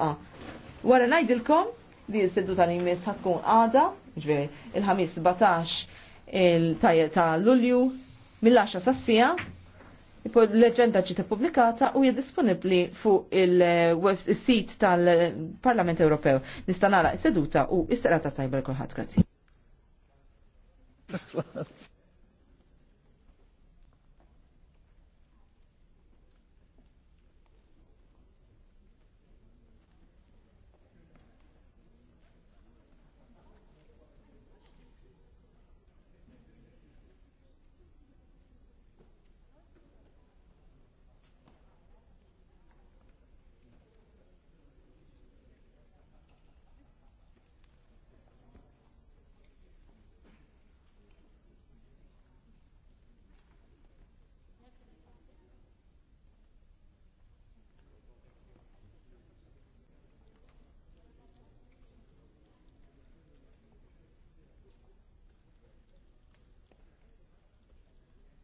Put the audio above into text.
fuqa. Wara najdilkom li s-seduta li jmiss ħatkun għada, ġveri, il-ħamis 17 il-tajja ta' Lulju, mill-10 sassija, l-leġenda ġiet publikata u hija disponibbli fuq il-sit tal-Parlament Ewropew. Nista' nagħlaq is-seduta u is-serata tajba l grazie.